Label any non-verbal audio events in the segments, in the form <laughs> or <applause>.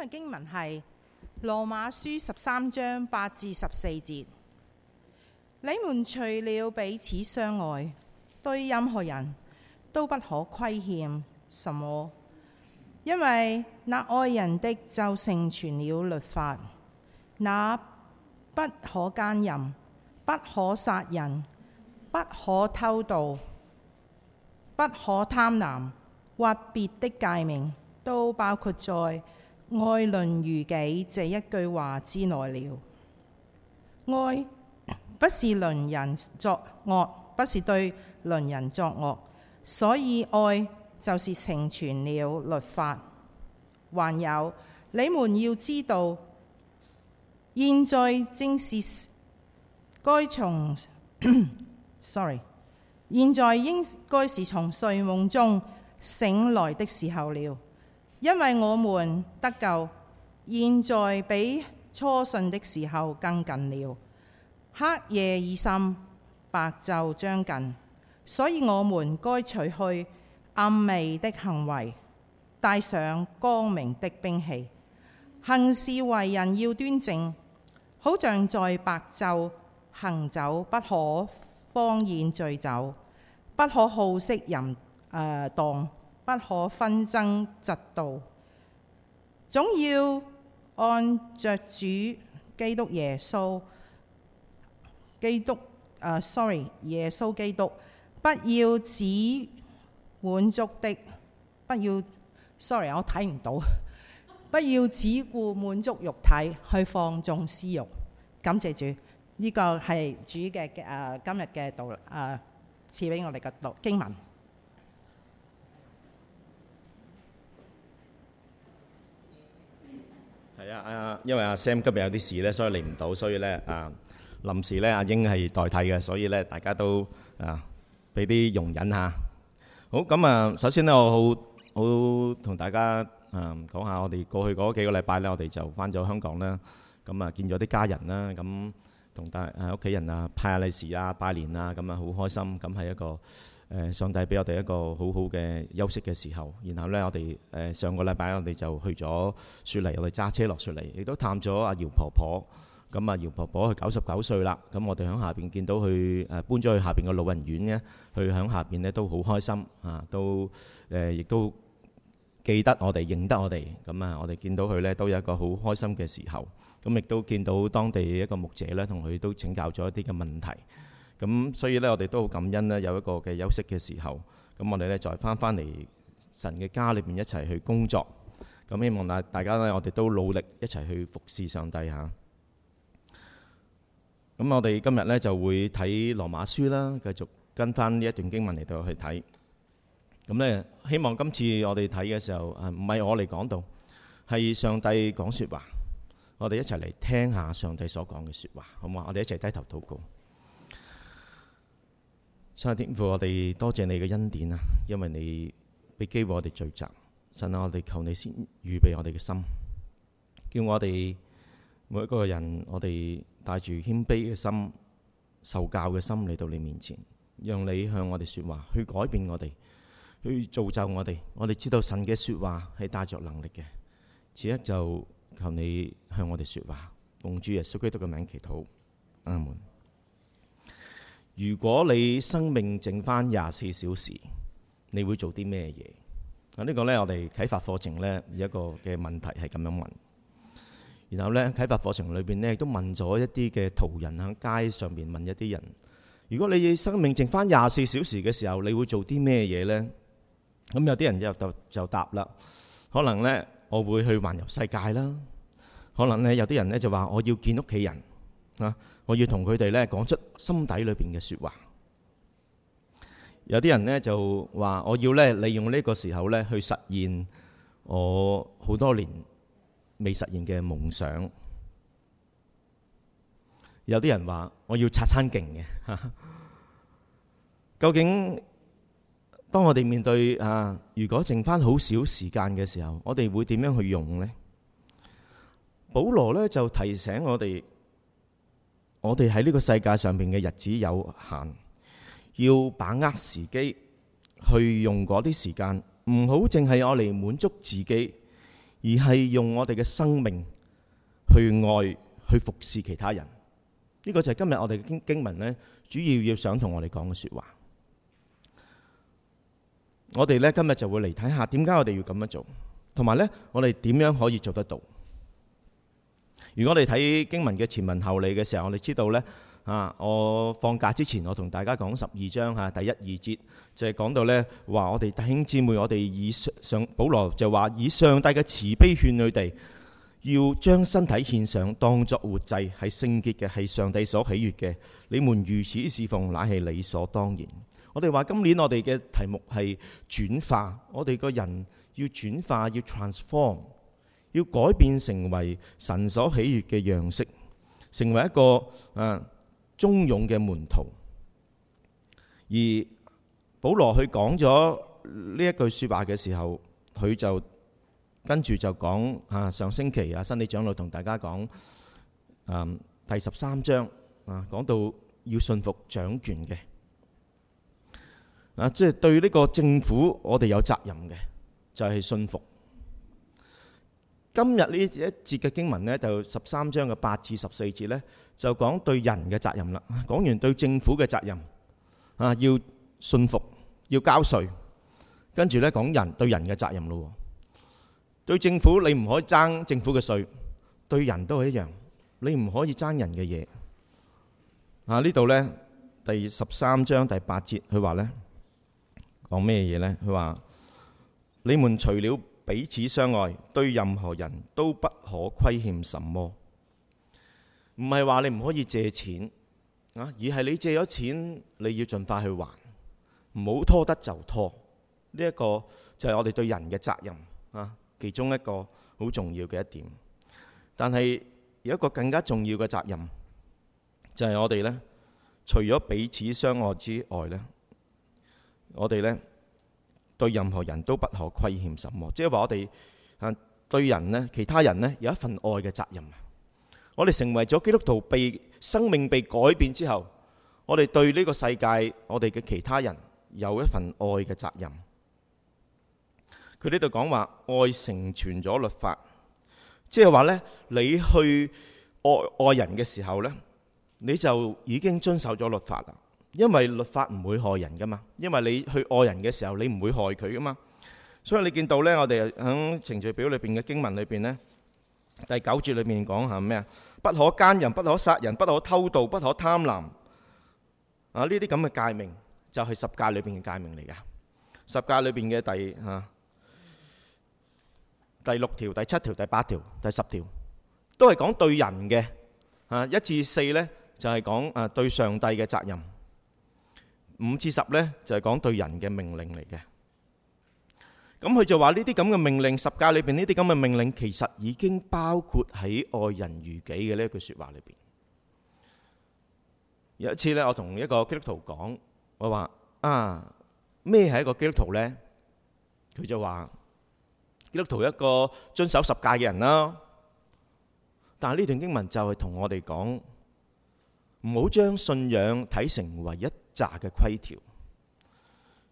今日經文係《羅馬書》十三章八至十四節。你們除了彼此相愛，對任何人都不可虧欠什麼，因為那愛人的就成全了律法。那不可姦淫、不可殺人、不可偷盜、不可貪婪或別的誡命，都包括在。愛人如己這一句話之內了。愛不是論人作惡，不是對論人作惡，所以愛就是成全了律法。還有你們要知道，現在正是該從咳咳，sorry，現在應該是從睡夢中醒來的時候了。因為我們得救，現在比初信的時候更近了。黑夜已深，白晝將近，所以我們該除去暗昧的行為，帶上光明的兵器。行事為人要端正，好像在白晝行走，不可荒宴醉酒，不可好色淫誒蕩。呃不可分爭嫉妒，總要按着主基督耶穌基督啊、uh，sorry，耶穌基督，不要只滿足的，不要，sorry，我睇唔到，不要只顧滿足肉體去放縱私欲。感謝主，呢、這個係主嘅嘅、呃、今日嘅道啊、呃、賜俾我哋嘅讀經文。啊，因為阿 Sam 今日有啲事咧，所以嚟唔到，所以咧啊，臨時咧阿英係代替嘅，所以咧大家都啊俾啲容忍下。好，咁啊，首先咧，我好好同大家啊講下，我哋過去嗰幾個禮拜咧，我哋就返咗香港啦，咁啊見咗啲家人啦，咁同大啊屋企人啊派下利是啊拜年啊，咁啊好開心，咁係一個。誒上帝俾我哋一個好好嘅休息嘅時候，然後呢，我哋上個禮拜我哋就去咗雪梨，我哋揸車落雪梨，亦都探咗阿姚婆婆。咁啊，姚婆婆佢九十九歲啦。咁我哋喺下面見到佢，呃、搬咗去下面個老人院呢，佢喺下面呢都好開心啊，都誒亦，呃、都記得我哋，認得我哋。咁啊，我哋見到佢呢，都有一個好開心嘅時候。咁亦都見到當地一個牧者呢，同佢都請教咗一啲嘅問題。咁所以咧，我哋都好感恩呢，有一個嘅休息嘅時候。咁我哋咧再翻翻嚟神嘅家裏邊一齊去工作。咁希望大大家咧，我哋都努力一齊去服侍上帝嚇。咁我哋今日咧就會睇羅馬書啦，繼續跟翻呢一段經文嚟到去睇。咁咧希望今次我哋睇嘅時候啊，唔係我嚟講道，係上帝講説話。我哋一齊嚟聽下上帝所講嘅説話，好唔好？我哋一齊低頭禱告。神啊，上天父，我哋多謝你嘅恩典啊！因為你俾機會我哋聚集，神啊，我哋求你先預備我哋嘅心，叫我哋每一個人，我哋帶住謙卑嘅心、受教嘅心嚟到你面前，讓你向我哋說話，去改變我哋，去造就我哋。我哋知道神嘅說話係帶着能力嘅，此刻就求你向我哋說話，奉主耶穌基督嘅名祈禱，阿門。如果你生命剩翻廿四小時，你會做啲咩嘢？啊，呢個呢我哋啟發課程呢一個嘅問題係咁樣問。然後呢啟發課程裏邊呢都問咗一啲嘅途人喺街上面問一啲人：如果你生命剩翻廿四小時嘅時候，你會做啲咩嘢呢？咁有啲人就就就答啦。可能呢，我會去環遊世界啦。可能呢，有啲人呢就話我要見屋企人。我要同佢哋咧講出心底裏邊嘅説話。有啲人呢就話我要咧利用呢個時候咧去實現我好多年未實現嘅夢想。有啲人話我要拆餐勁嘅。究竟當我哋面對啊，如果剩翻好少時間嘅時候，我哋會點樣去用呢？保羅呢就提醒我哋。我哋喺呢個世界上邊嘅日子有限，要把握時機，去用嗰啲時間，唔好淨係我嚟滿足自己，而係用我哋嘅生命去愛、去服侍其他人。呢、呢個就係今日我哋嘅經經文呢主要要想同我哋講嘅說話。我哋呢，今日就會嚟睇下，點解我哋要咁樣做，同埋呢，我哋點樣可以做得到？如果我哋睇經文嘅前文後理嘅時候，我哋知道呢，啊，我放假之前我同大家講十二章吓，第一二節就係講到呢：「話，我哋弟兄姊妹，我哋以上上保羅就話以上帝嘅慈悲勸佢哋，要將身體獻上，當作活祭，係聖潔嘅，係上帝所喜悅嘅。你們如此侍奉，乃係理所當然。我哋話今年我哋嘅題目係轉化，我哋個人要轉化，要 transform。要改變成為神所喜悅嘅樣式，成為一個誒、啊、忠勇嘅門徒。而保羅佢講咗呢一句說話嘅時候，佢就跟住就講啊，上星期啊，新李長老同大家講、啊、第十三章啊，講到要順服掌權嘅啊，即、就、係、是、對呢個政府我哋有責任嘅，就係、是、順服。今日呢一節嘅經文咧，就十三章嘅八至十四節咧，就講對人嘅責任啦。講完對政府嘅責任，啊，要信服，要交稅，跟住咧，講人對人嘅責任咯。對政府你唔可以爭政府嘅稅，對人都係一樣，你唔可以爭人嘅嘢。啊，呢度咧，第十三章第八節，佢話咧，講咩嘢咧？佢話你們除了彼此相愛，對任何人都不可虧欠什麼。唔係話你唔可以借錢啊，而係你借咗錢，你要盡快去還，唔好拖得就拖。呢一個就係我哋對人嘅責任啊，其中一個好重要嘅一點。但係有一個更加重要嘅責任，就係我哋呢。除咗彼此相愛之外呢，我哋呢。對任何人都不可虧欠什麼，即係話我哋對人呢，其他人呢，有一份愛嘅責任啊！我哋成為咗基督徒被，被生命被改變之後，我哋對呢個世界，我哋嘅其他人有一份愛嘅責任。佢呢度講話，愛成全咗律法，即係話呢，你去愛愛人嘅時候呢，你就已經遵守咗律法啦。因為律法唔會害人噶嘛，因為你去愛人嘅時候，你唔會害佢噶嘛，所以你見到咧，我哋喺程序表裏邊嘅經文裏邊咧，第九節裏面講係咩啊？不可奸人，不可殺人，不可偷盜，不可貪婪。啊，呢啲咁嘅誡命就係十誡裏邊嘅誡命嚟㗎。十誡裏邊嘅第吓第六條、第七條、第八條、第十條，都係講對人嘅。吓一至四咧就係講誒對上帝嘅責任。五至十咧就係講對人嘅命令嚟嘅，咁佢就話呢啲咁嘅命令，十誡裏邊呢啲咁嘅命令，其實已經包括喺愛人如己嘅呢一句說話裏邊。有一次咧，我同一個基督徒講，我話啊咩係一個基督徒咧，佢就話基督徒一個遵守十誡嘅人啦。但係呢段經文就係同我哋講，唔好將信仰睇成為一。扎嘅規條，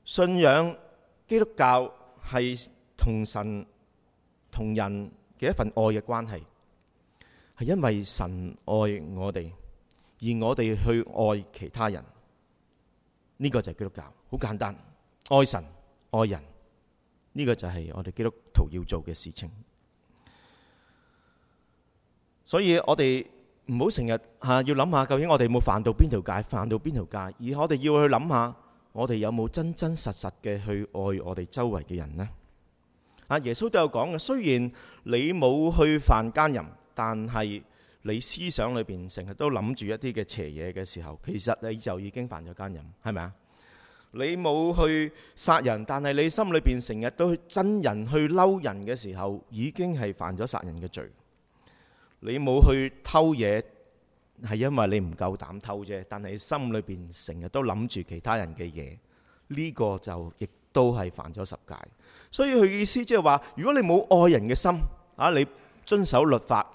信仰基督教係同神同人嘅一份愛嘅關係，係因為神愛我哋，而我哋去愛其他人，呢個就係基督教，好簡單，愛神愛人，呢個就係我哋基督徒要做嘅事情，所以我哋。唔好成日嚇要諗下，究竟我哋有冇犯到邊條界？犯到邊條界？而我哋要去諗下，我哋有冇真真實實嘅去愛我哋周圍嘅人呢？啊，耶穌都有講嘅。雖然你冇去犯姦淫，但係你思想裏邊成日都諗住一啲嘅邪嘢嘅時候，其實你就已經犯咗姦淫，係咪啊？你冇去殺人，但係你心裏邊成日都去憎人去嬲人嘅時候，已經係犯咗殺人嘅罪。你冇去偷嘢，係因為你唔夠膽偷啫。但係心裏邊成日都諗住其他人嘅嘢，呢個就亦都係犯咗十戒。所以佢嘅意思即係話，如果你冇愛人嘅心，啊，你遵守律法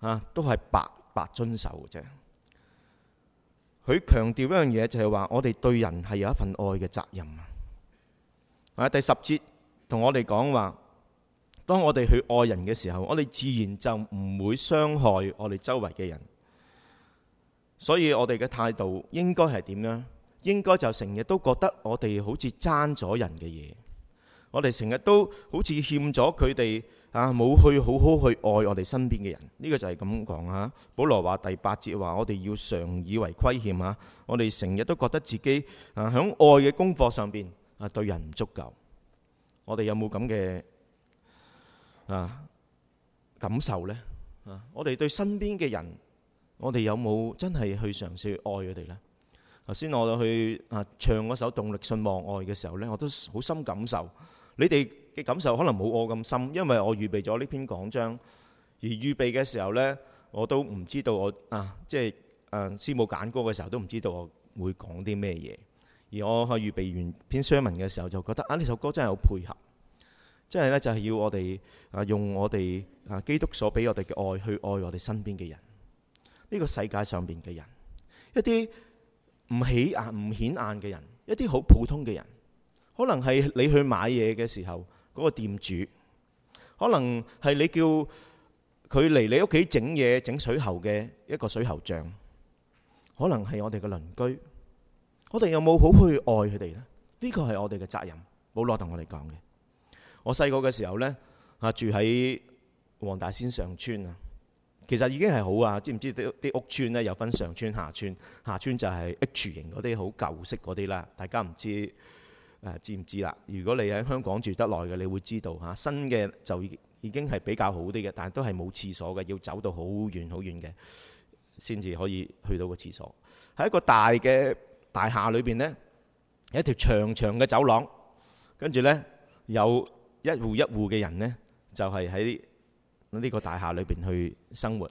啊，都係白白遵守嘅啫。佢強調一樣嘢就係話，我哋對人係有一份愛嘅責任啊。第十節同我哋講話。當我哋去愛人嘅時候，我哋自然就唔會傷害我哋周圍嘅人。所以我哋嘅態度應該係點呢？應該就成日都覺得我哋好似爭咗人嘅嘢，我哋成日都好似欠咗佢哋啊，冇去好好去愛我哋身邊嘅人。呢個就係咁講啊！保羅話第八節話，我哋要常以為虧欠啊！我哋成日都覺得自己啊，響愛嘅功課上邊啊，對人唔足夠。我哋有冇咁嘅？啊，感受呢，啊，我哋對身邊嘅人，我哋有冇真係去嘗試去愛佢哋呢？頭先我哋去啊唱嗰首《動力信望愛》嘅時候呢，我都好深感受。你哋嘅感受可能冇我咁深，因為我預備咗呢篇講章。而預備嘅時候呢，我都唔知道我啊，即係誒，師母揀歌嘅時候都唔知道我會講啲咩嘢。而我去預備完篇 sermon 嘅時候，就覺得啊，呢首歌真係好配合。即係咧，就係要我哋啊用我哋啊基督所俾我哋嘅愛去愛我哋身邊嘅人，呢、這個世界上邊嘅人，一啲唔起眼唔顯眼嘅人，一啲好普通嘅人，可能係你去買嘢嘅時候嗰、那個店主，可能係你叫佢嚟你屋企整嘢整水喉嘅一個水喉匠，可能係我哋嘅鄰居，我哋有冇好去愛佢哋呢？呢個係我哋嘅責任，保羅同我哋講嘅。我細個嘅時候呢，啊住喺黃大仙上村啊，其實已經係好啊！知唔知啲啲屋邨呢？有分上村、下村。下村就係 H 型嗰啲好舊式嗰啲啦。大家唔知、啊、知唔知啦？如果你喺香港住得耐嘅，你會知道嚇、啊、新嘅就已經已經係比較好啲嘅，但係都係冇廁所嘅，要走到好遠好遠嘅先至可以去到個廁所。喺一個大嘅大廈裏邊呢，有一條長長嘅走廊，跟住呢，有。一戶一戶嘅人呢，就係喺呢個大廈裏邊去生活，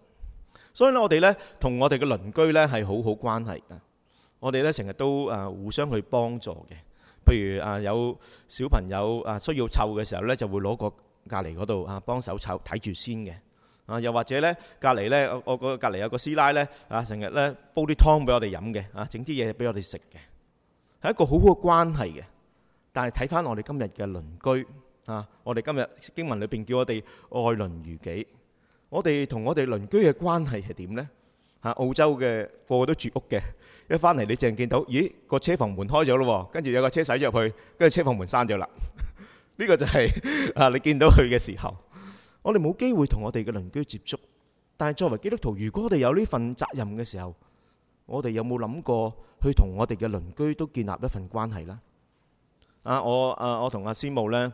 所以呢，我哋呢同我哋嘅鄰居呢係好好關係啊。我哋呢成日都誒互相去幫助嘅，譬如啊有小朋友啊需要湊嘅時候呢，就會攞個隔籬嗰度啊幫手湊睇住先嘅啊。又或者呢隔籬呢，我個隔籬有個師奶呢啊，成日呢煲啲湯俾我哋飲嘅啊，整啲嘢俾我哋食嘅，係一個好好關係嘅。但係睇返我哋今日嘅鄰居。啊！我哋今日經文裏邊叫我哋愛鄰如己。我哋同我哋鄰居嘅關係係點咧？嚇！澳洲嘅個個都住屋嘅，一返嚟你淨見到，咦個車房門開咗咯喎，跟住有個車駛入去，跟住車房門閂咗啦。呢個就係啊！你見到佢嘅時候，我哋冇機會同我哋嘅鄰居接觸。但係作為基督徒，如果我哋有呢份責任嘅時候，我哋有冇諗過去同我哋嘅鄰居都建立一份關係咧？啊！我啊，我同阿師母咧。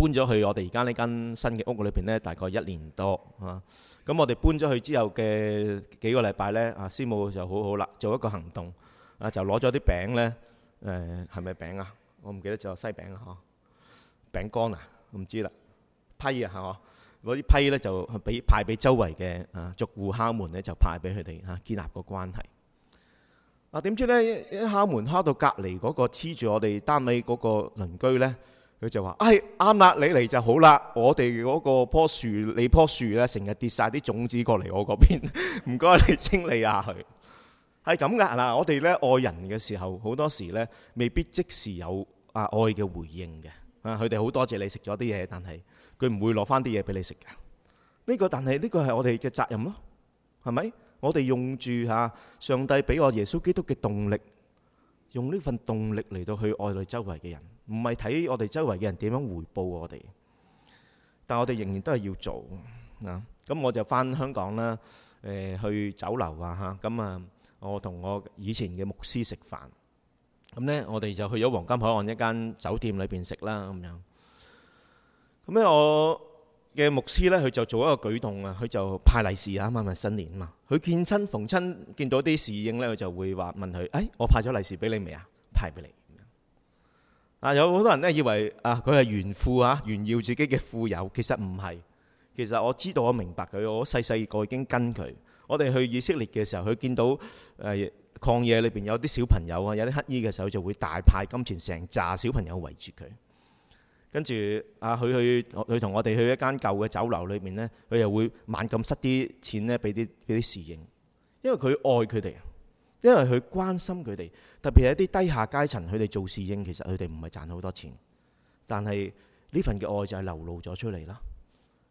搬咗去我哋而家呢間新嘅屋嘅裏邊呢，大概一年多啊。咁我哋搬咗去之後嘅幾個禮拜呢，阿、啊、師母就好好啦，做一個行動啊，就攞咗啲餅呢，誒、呃，係咪餅啊？我唔記得咗西餅啊，嗬，餅乾啊，唔知啦，批啊，係嘛？嗰啲批呢就，就俾派俾周圍嘅啊，逐戶敲門呢，就派俾佢哋啊，建立個關係。啊，點知呢，一敲門敲到隔籬嗰個黐住我哋單位嗰個鄰居呢。佢就話哎，啱啦，你嚟就好啦。我哋嗰個棵樹，你棵樹咧，成日跌晒啲種子過嚟我嗰邊，唔該你清理下佢。係咁噶啦，我哋咧愛人嘅時候，好多時咧未必即時有啊愛嘅回應嘅。啊，佢哋好多謝你食咗啲嘢，但係佢唔會攞翻啲嘢俾你食噶。呢個但係呢個係我哋嘅責任咯，係咪？我哋用住吓上帝俾我耶穌基督嘅動力，用呢份動力嚟到去愛你周圍嘅人。唔係睇我哋周圍嘅人點樣回報我哋，但我哋仍然都係要做啊！咁我就翻香港啦，誒、呃、去酒樓啊嚇，咁啊我同我以前嘅牧師食飯，咁、啊、呢，我哋就去咗黃金海岸一間酒店裏邊食啦咁樣。咁、啊、咧、啊、我嘅牧師呢，佢就做一個舉動啊，佢就派利是啊嘛，咪、啊、新年啊嘛。佢見親逢親見到啲侍應呢，佢就會話問佢，誒、哎、我派咗利是俾你未啊？派俾你。啊！有好多人咧以為啊，佢係炫富啊，炫耀自己嘅富有，其實唔係。其實我知道我明白佢，我細細個已經跟佢。我哋去以色列嘅時候，佢見到誒曠、呃、野裏邊有啲小朋友啊，有啲乞兒嘅時候，就會大派金錢，成紮小朋友圍住佢。跟住啊，佢去佢同我哋去一間舊嘅酒樓裏面呢，他呢佢又會猛咁塞啲錢咧俾啲啲侍應，因為佢愛佢哋。因為佢關心佢哋，特別係一啲低下階層，佢哋做侍應，其實佢哋唔係賺好多錢，但係呢份嘅愛就係流露咗出嚟啦。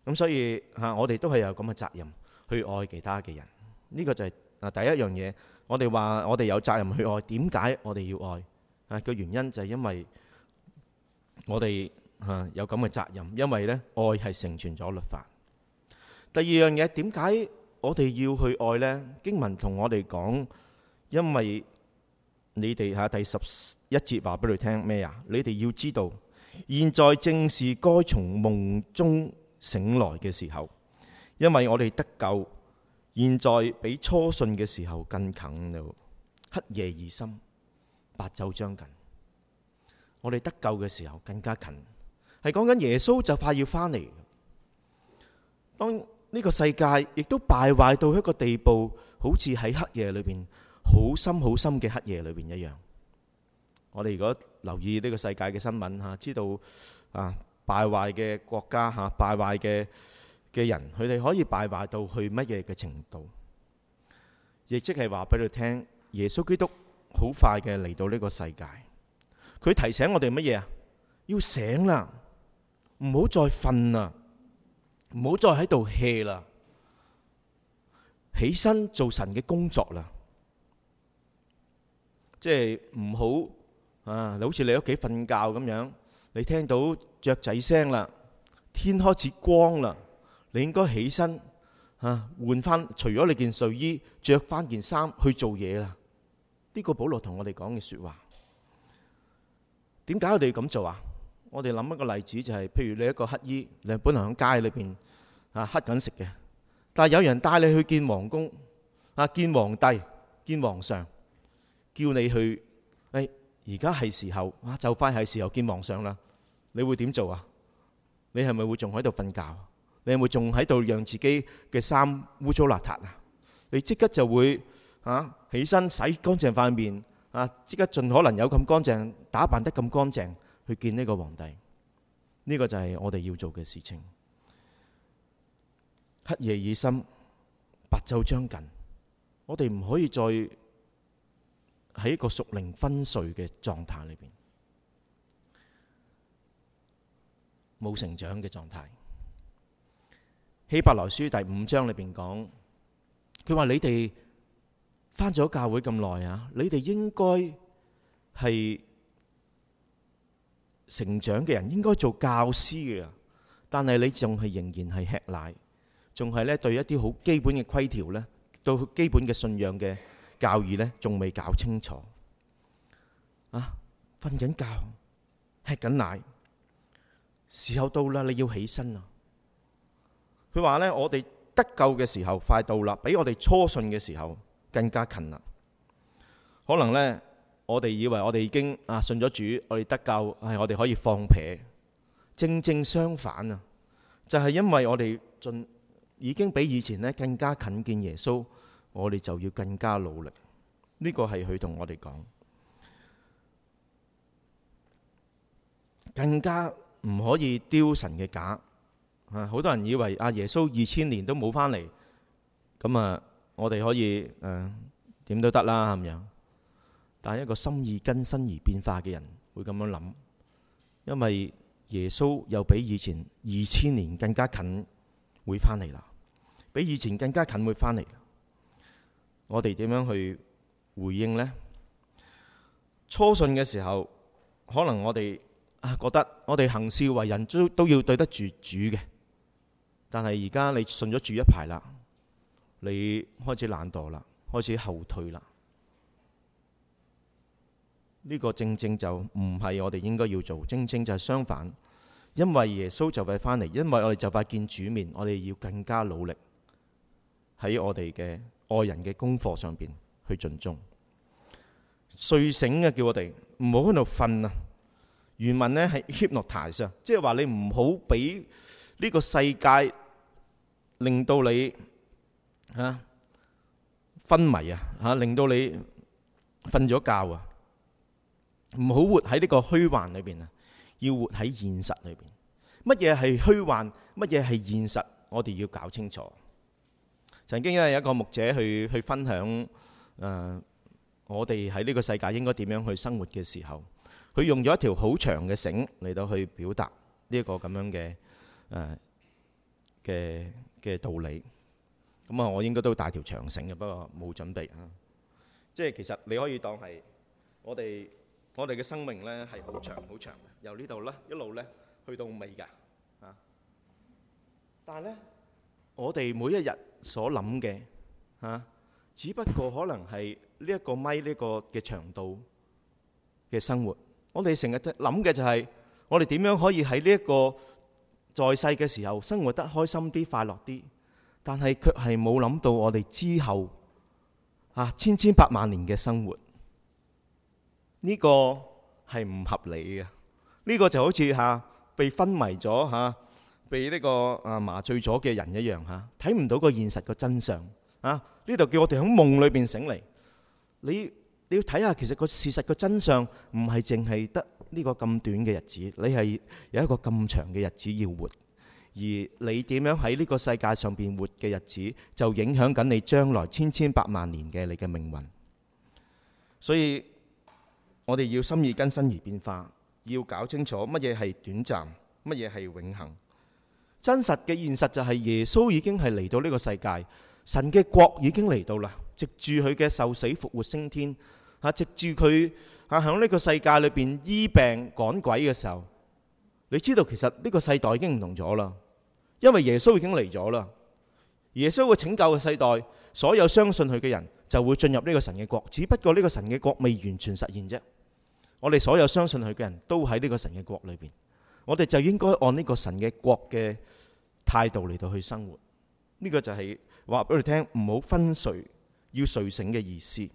咁所以吓，我哋都係有咁嘅責任去愛其他嘅人。呢個就係啊第一樣嘢，我哋話我哋有責任去愛，點解我哋要愛啊？個原因就係因為我哋吓有咁嘅責任，因為呢愛係成全咗律法。第二樣嘢，點解我哋要去愛呢？經文同我哋講。因為你哋喺第十一節話俾佢聽咩啊？你哋要知道，現在正是該從夢中醒來嘅時候。因為我哋得救，現在比初信嘅時候更近了。黑夜已深，白晝將近。我哋得救嘅時候更加近，係講緊耶穌就快要返嚟。當呢個世界亦都敗壞到一個地步，好似喺黑夜裏邊。好深好深嘅黑夜裏邊一樣，我哋如果留意呢個世界嘅新聞吓，知道啊敗壞嘅國家吓，敗壞嘅嘅人，佢哋可以敗壞到去乜嘢嘅程度？亦即係話俾佢聽，耶穌基督好快嘅嚟到呢個世界，佢提醒我哋乜嘢啊？要醒啦，唔好再瞓啦，唔好再喺度 hea 啦，起身做神嘅工作啦。即係唔好啊！像你好似你屋企瞓覺咁樣，你聽到雀仔聲啦，天開始光啦，你應該起身嚇、啊、換翻，除咗你件睡衣，着翻件衫去做嘢啦。呢、這個保羅同我哋講嘅説話，點解我哋要咁做啊？我哋諗一個例子、就是，就係譬如你一個乞衣，你本嚟喺街裏邊啊乞緊食嘅，但係有人帶你去見王宮啊，見皇帝、見皇上。叫你去，誒，而家係時候，哇，就快係時候見皇上啦！你會點做啊？你係咪會仲喺度瞓覺？你係咪仲喺度讓自己嘅衫污糟邋遢啊？你即刻就會啊，起身洗乾淨塊面啊！即刻盡可能有咁乾淨，打扮得咁乾淨去見呢個皇帝。呢個就係我哋要做嘅事情。黑夜已深，白晝將近，我哋唔可以再。喺一個屬靈昏睡嘅狀態裏邊，冇成長嘅狀態。希伯來書第五章裏邊講，佢話你哋返咗教會咁耐啊，你哋應該係成長嘅人，應該做教師嘅，但係你仲係仍然係吃奶，仲係咧對一啲好基本嘅規條咧，對基本嘅信仰嘅。教義呢仲未搞清楚，啊，瞓緊覺，吃緊奶，時候到啦，你要起身啦。佢話呢，我哋得救嘅時候快到啦，比我哋初信嘅時候更加近啦。可能呢，我哋以為我哋已經啊信咗主，我哋得救係我哋可以放屁。正正相反啊，就係因為我哋進已經比以前呢更加近見耶穌。我哋就要更加努力，呢、這個係佢同我哋講，更加唔可以丟神嘅架啊！好多人以為阿耶穌二千年都冇返嚟，咁啊，我哋可以誒點、呃、都得啦咁樣。但是一個心意更新而變化嘅人會咁樣諗，因為耶穌又比以前二千年更加近，會返嚟啦，比以前更加近會返嚟我哋點樣去回應呢？初信嘅時候，可能我哋啊覺得我哋行事為人都都要對得住主嘅。但係而家你信咗主一排啦，你開始懶惰啦，開始後退啦。呢、這個正正就唔係我哋應該要做，正正就係相反。因為耶穌就快返嚟，因為我哋就快見主面，我哋要更加努力喺我哋嘅。愛人嘅功課上邊去盡忠，睡醒嘅叫我哋唔好喺度瞓啊！原文呢係 hypnotize，即係話你唔好俾呢個世界令到你啊昏迷啊，吓令到你瞓咗覺啊，唔好活喺呢個虛幻裏邊啊，要活喺現實裏邊。乜嘢係虛幻，乜嘢係現實，我哋要搞清楚。曾經咧有一個牧者去去分享誒，我哋喺呢個世界應該點樣去生活嘅時候，佢用咗一條好長嘅繩嚟到去表達呢一個咁樣嘅誒嘅嘅道理。咁啊，我應該都帶條長繩嘅，不過冇準備啊。即係其實你可以當係我哋我哋嘅生命呢係好長好長，由呢度呢一路呢去到尾㗎啊。但係呢，我哋每一日所諗嘅，吓，只不過可能係呢一個咪呢個嘅長度嘅生活，我哋成日諗嘅就係我哋點樣可以喺呢一個在世嘅時候生活得開心啲、快樂啲，但係卻係冇諗到我哋之後啊千千百萬年嘅生活，呢、這個係唔合理嘅，呢、這個就好似吓、啊、被昏迷咗吓。啊被呢個啊麻醉咗嘅人一樣吓，睇唔到個現實個真相啊！呢度叫我哋喺夢裏邊醒嚟，你你要睇下其實個事實個真相唔係淨係得呢個咁短嘅日子，你係有一個咁長嘅日子要活，而你點樣喺呢個世界上邊活嘅日子，就影響緊你將來千千百萬年嘅你嘅命運。所以我哋要心意更新而變化，要搞清楚乜嘢係短暫，乜嘢係永恆。真實嘅現實就係耶穌已經係嚟到呢個世界，神嘅國已經嚟到啦。藉住佢嘅受死復活升天，啊，藉住佢啊響呢個世界裏邊醫病趕鬼嘅時候，你知道其實呢個世代已經唔同咗啦，因為耶穌已經嚟咗啦。耶穌會拯救嘅世代，所有相信佢嘅人就會進入呢個神嘅國，只不過呢個神嘅國未完全實現啫。我哋所有相信佢嘅人都喺呢個神嘅國裏邊。我哋就應該按呢個神嘅國嘅態度嚟到去生活，呢、這個就係話俾你聽，唔好昏睡，要睡醒嘅意思。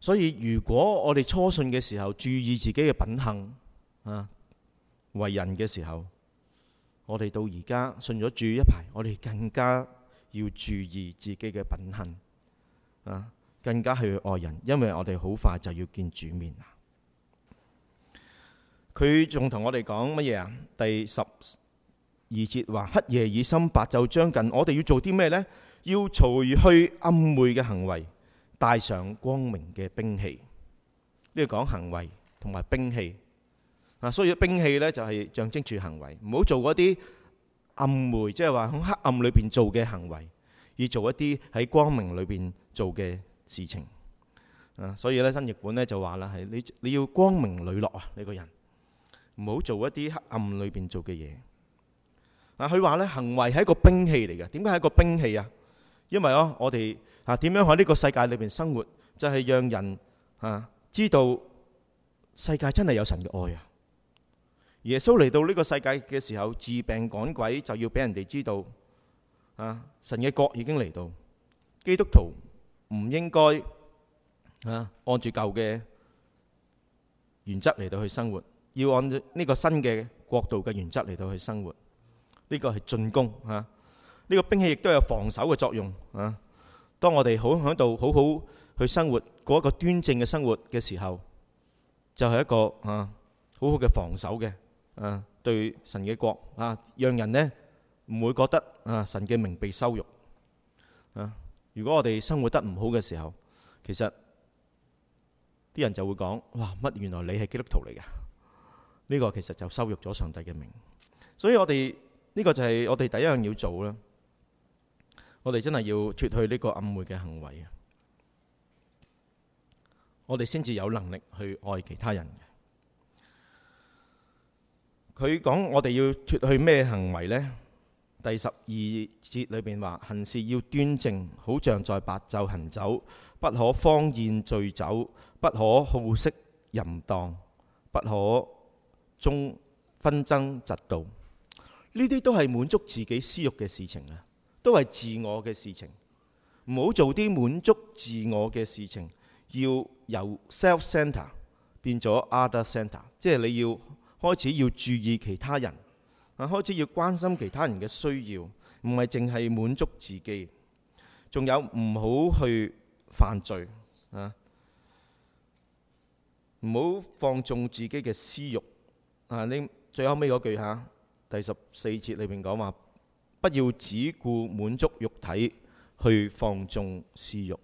所以如果我哋初信嘅時候注意自己嘅品行啊，為人嘅時候，我哋到而家信咗主一排，我哋更加要注意自己嘅品行啊，更加去愛人，因為我哋好快就要見主面啦。佢仲同我哋講乜嘢啊？第十二節話黑夜已深，白晝將近。我哋要做啲咩咧？要除去暗昧嘅行為，帶上光明嘅兵器。呢度講行為同埋兵器啊。所以兵器咧就係象徵住行為，唔好做嗰啲暗昧，即係話喺黑暗裏邊做嘅行為，而做一啲喺光明裏邊做嘅事情啊。所以咧新譯本咧就話啦，係你你要光明磊落啊，你個人。唔好做一啲黑暗裏邊做嘅嘢。啊，佢話呢，行為係一個兵器嚟嘅。點解係一個兵器啊？因為哦，我哋啊，點樣喺呢個世界裏邊生活，就係讓人啊知道世界真係有神嘅愛啊。耶穌嚟到呢個世界嘅時候，治病趕鬼，就要俾人哋知道啊，神嘅國已經嚟到。基督徒唔應該啊按住舊嘅原則嚟到去生活。要按呢個新嘅國度嘅原則嚟到去生活，呢個係進攻啊。呢個兵器亦都有防守嘅作用啊。當我哋好喺度好好去生活，過一個端正嘅生活嘅時候，就係一個啊好好嘅防守嘅。誒，對神嘅國啊，讓人呢唔會覺得啊神嘅名被羞辱。啊，如果我哋生活得唔好嘅時候，其實啲人就會講：哇，乜原來你係基督徒嚟㗎？呢個其實就羞辱咗上帝嘅名，所以我哋呢個就係我哋第一樣要做啦。我哋真係要脫去呢個暗昧嘅行為啊！我哋先至有能力去愛其他人。佢講我哋要脫去咩行為呢？第十二節裏邊話：行事要端正，好像在白晝行走，不可荒宴醉酒，不可好色淫蕩，不可中紛爭、嫉妒，呢啲都係滿足自己私慾嘅事情啊，都係自我嘅事情。唔好做啲滿足自我嘅事情，要由 self center 變咗 other center，即係你要開始要注意其他人，啊，開始要關心其他人嘅需要，唔係淨係滿足自己。仲有唔好去犯罪，啊，唔好放縱自己嘅私慾。啊！你最後尾句吓，第十四節裏邊講話，不要只顧滿足肉體，去放縱私慾。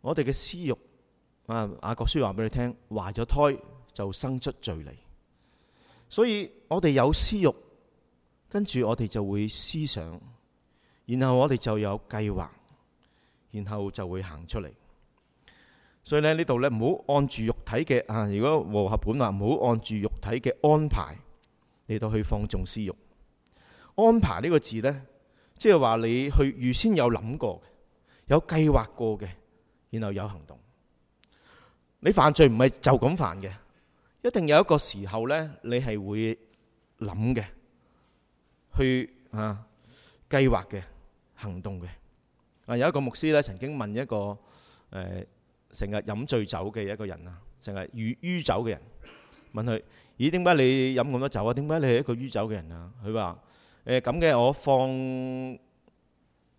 我哋嘅私慾，啊，雅各書話俾你聽，懷咗胎就生出罪嚟。所以我哋有私慾，跟住我哋就會思想，然後我哋就有計劃，然後就會行出嚟。所以咧，呢度咧唔好按住。體嘅啊！如果和合本話唔好按住肉體嘅安排嚟到去放縱私慾。安排呢個字呢，即係話你去預先有諗過嘅，有計劃過嘅，然後有行動。你犯罪唔係就咁犯嘅，一定有一個時候呢，你係會諗嘅，去啊，計劃嘅，行動嘅。啊，有一個牧師呢，曾經問一個誒成日飲醉酒嘅一個人啊。成日酗酗酒嘅人問佢：咦，點解你飲咁多酒啊？點解你係一個酗酒嘅人啊？佢話誒，咁嘅，我放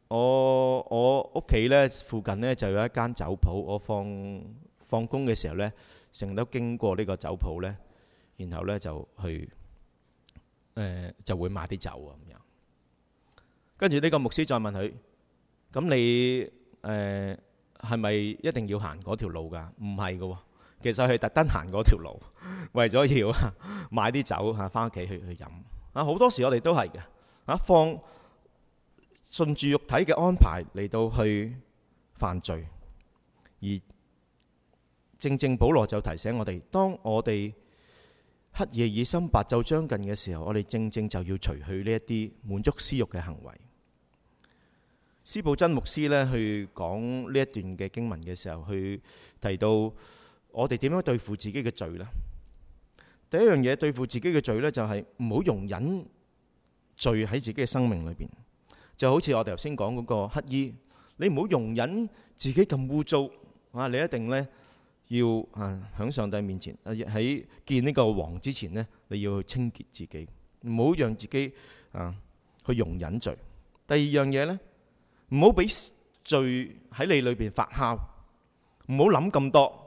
我我屋企呢附近呢就有一間酒鋪，我放放工嘅時候呢成日都經過呢個酒鋪呢，然後呢就去誒就會買啲酒啊咁樣。跟住呢個牧師再問佢：咁你誒係咪一定要行嗰條路噶？唔係噶喎。其實佢特登行嗰條路，為咗要買啲酒嚇，翻屋企去去飲啊！好多時我哋都係嘅放順住肉體嘅安排嚟到去犯罪，而正正保羅就提醒我哋，當我哋黑夜已深、白晝將近嘅時候，我哋正正就要除去呢一啲滿足私欲嘅行為。司布真牧師呢去講呢一段嘅經文嘅時候，去提到。我哋點樣對付自己嘅罪呢？第一樣嘢對付自己嘅罪呢，就係唔好容忍罪喺自己嘅生命裏邊。就好似我哋頭先講嗰個乞衣，你唔好容忍自己咁污糟啊！你一定呢要啊，喺上帝面前啊，喺見呢個王之前呢，你要去清潔自己，唔好讓自己啊去容忍罪。第二樣嘢呢，唔好俾罪喺你裏邊發酵，唔好諗咁多。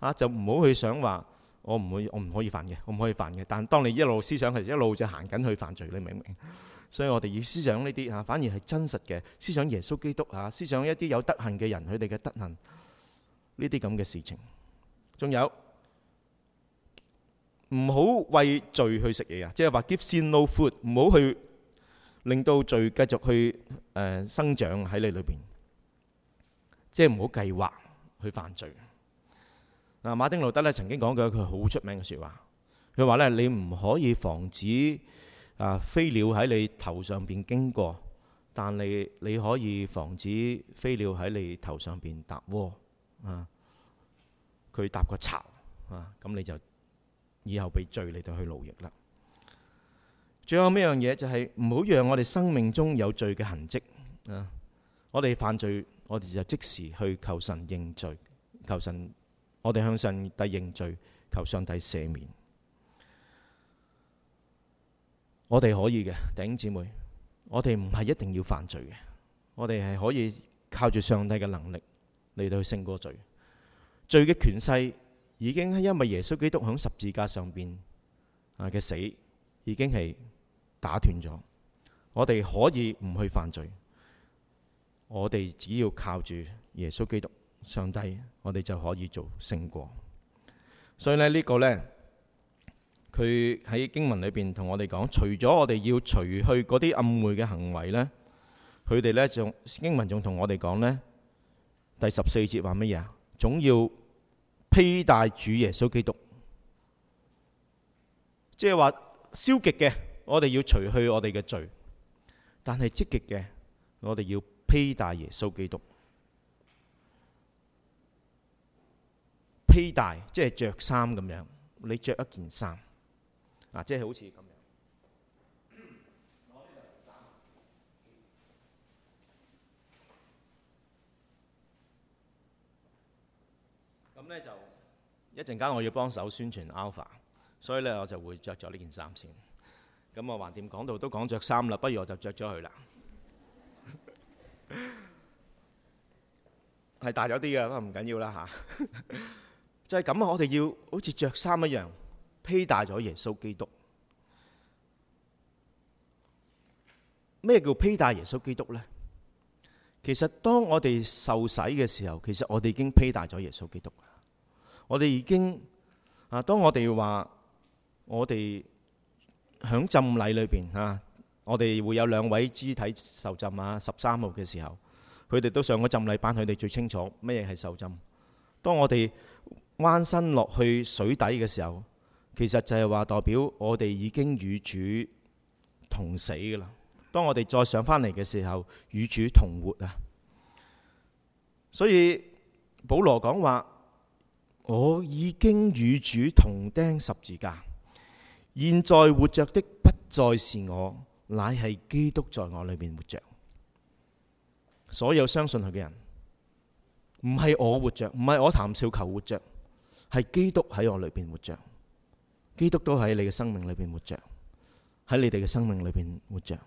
啊，就唔好去想話我唔會，我唔可以犯嘅，我唔可以犯嘅。但當你一路思想係一路就行緊去犯罪，你明唔明？所以我哋要思想呢啲啊，反而係真實嘅思想耶穌基督啊，思想一啲有德行嘅人，佢哋嘅德行呢啲咁嘅事情。仲有唔好為罪去食嘢啊，即係話 give sin no food，唔好去令到罪繼續去誒生長喺你裏邊。即係唔好計劃去犯罪。嗱，馬丁路德咧曾經講過一句好出名嘅說話，佢話咧：你唔可以防止啊飛鳥喺你頭上邊經過，但你你可以防止飛鳥喺你頭上邊搭窩啊。佢搭個巢啊，咁你就以後被罪，你就去勞役啦。最後呢樣嘢就係唔好讓我哋生命中有罪嘅痕跡啊。我哋犯罪，我哋就即時去求神認罪，求神。我哋向上帝認罪，求上帝赦免。我哋可以嘅，弟兄姊妹，我哋唔係一定要犯罪嘅，我哋係可以靠住上帝嘅能力嚟到去勝過罪。罪嘅權勢已經係因為耶穌基督喺十字架上邊啊嘅死，已經係打斷咗。我哋可以唔去犯罪，我哋只要靠住耶穌基督。上帝，我哋就可以做勝過。所以呢，呢個呢，佢喺經文裏邊同我哋講，除咗我哋要除去嗰啲暗昧嘅行為呢，佢哋呢，仲經文仲同我哋講呢，第十四節話乜嘢啊？總要披戴主耶穌基督，即係話消極嘅，我哋要除去我哋嘅罪；但係積極嘅，我哋要披戴耶穌基督。大即係着衫咁樣，你着一件衫啊，即係好似咁樣。攞呢件衫。咁呢就一陣間我要幫手宣傳 Alpha，所以呢，我就會着咗呢件衫先。咁我橫掂講到都講着衫啦，不如我就着咗佢啦。係 <laughs> 大咗啲嘅，不過唔緊要啦嚇。啊，就係咁啊！我哋要好似著衫一樣披戴咗耶穌基督。咩叫披戴耶穌基督呢？其實當我哋受洗嘅時候，其實我哋已經披戴咗耶穌基督。我哋已經啊，當我哋話我哋響浸禮裏邊啊，我哋會有兩位肢體受浸啊，十三號嘅時候，佢哋都上咗浸禮班，佢哋最清楚咩嘢係受浸。當我哋彎身落去水底嘅時候，其實就係話代表我哋已經與主同死噶啦。當我哋再上返嚟嘅時候，與主同活啊。所以保羅講話：我已經與主同釘十字架，現在活着的不再是我，乃係基督在我裏面活着。所有相信佢嘅人，唔係我活着，唔係我譚紹球活着。係基督喺我裏邊活着，基督都喺你嘅生命裏邊活着，喺你哋嘅生命裏邊活着。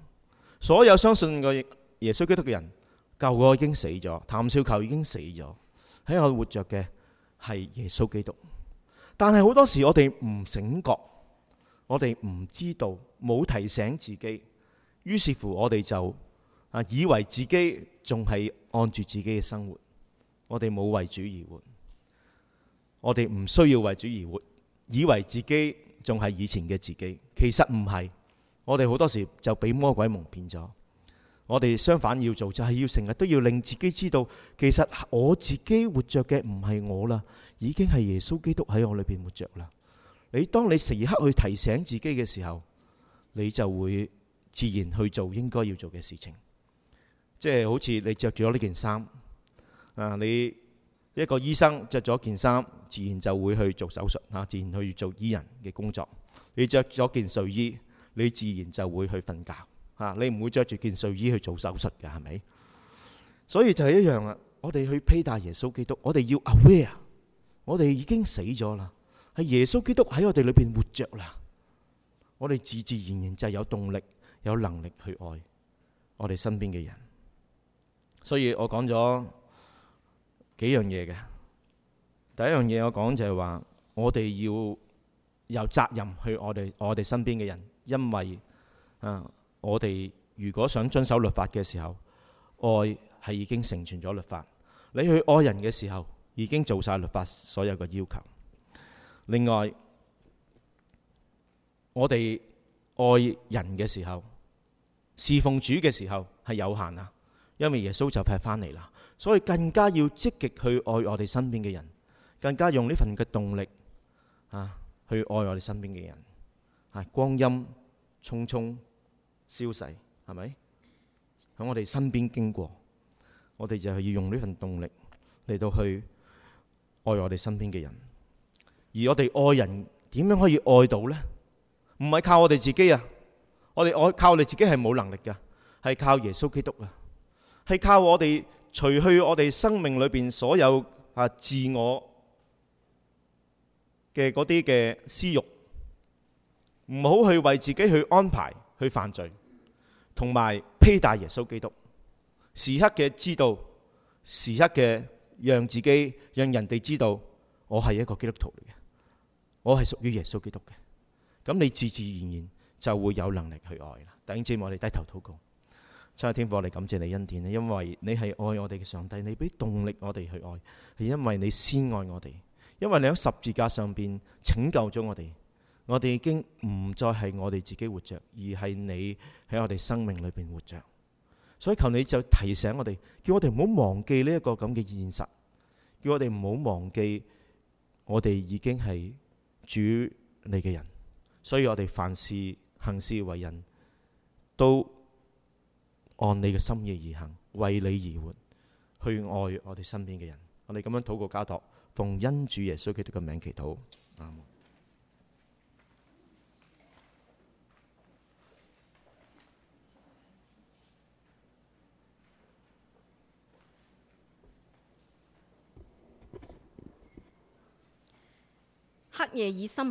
所有相信個耶穌基督嘅人，舊我已經死咗，譚紹球已經死咗，喺我活着嘅係耶穌基督。但係好多時我哋唔醒覺，我哋唔知道，冇提醒自己，於是乎我哋就啊以為自己仲係按住自己嘅生活，我哋冇為主而活。我哋唔需要為主而活，以為自己仲係以前嘅自己，其實唔係。我哋好多時就俾魔鬼蒙騙咗。我哋相反要做，就係要成日都要令自己知道，其實我自己活着嘅唔係我啦，已經係耶穌基督喺我裏邊活着啦。你當你時刻去提醒自己嘅時候，你就會自然去做應該要做嘅事情。即係好似你着住咗呢件衫，啊你。一個醫生着咗件衫，自然就會去做手術吓，自然去做醫人嘅工作。你着咗件睡衣，你自然就會去瞓覺吓，你唔會着住件睡衣去做手術㗎，係咪？所以就係一樣啦。我哋去披戴耶穌基督，我哋要 aware，我哋已經死咗啦，係耶穌基督喺我哋裏面活着啦。我哋自自然然就有動力、有能力去愛我哋身邊嘅人。所以我講咗。幾樣嘢嘅，第一樣嘢我講就係話，我哋要有責任去我哋我哋身邊嘅人，因為啊，我哋如果想遵守律法嘅時候，愛係已經成全咗律法。你去愛人嘅時候，已經做晒律法所有嘅要求。另外，我哋愛人嘅時候，侍奉主嘅時候係有限啊。因為耶穌就快翻嚟啦，所以更加要積極去愛我哋身邊嘅人，更加用呢份嘅動力啊，去愛我哋身邊嘅人啊。光陰匆匆消逝，係咪喺我哋身邊經過？我哋就係要用呢份動力嚟到去愛我哋身邊嘅人。而我哋愛人點樣可以愛到呢？唔係靠我哋自己啊！我哋我靠我自己係冇能力噶，係靠耶穌基督啊！係靠我哋除去我哋生命裏邊所有啊自我嘅嗰啲嘅私欲，唔好去為自己去安排去犯罪，同埋披戴耶穌基督，時刻嘅知道，時刻嘅讓自己、讓人哋知道，我係一個基督徒嚟嘅，我係屬於耶穌基督嘅。咁你自自然然就會有能力去愛啦。等陣我哋低頭禱告。真係天父，我哋感謝你恩典咧，因為你係愛我哋嘅上帝，你俾動力我哋去愛，係因為你先愛我哋，因為你喺十字架上邊拯救咗我哋，我哋已經唔再係我哋自己活着，而係你喺我哋生命裏邊活着。所以求你就提醒我哋，叫我哋唔好忘記呢一個咁嘅現實，叫我哋唔好忘記我哋已經係主你嘅人。所以我哋凡事行事為人都。按你嘅心意而行，為你而活，去愛我哋身邊嘅人。我哋咁樣禱告交託，奉恩主耶穌基督嘅名祈禱。好，黑夜已深。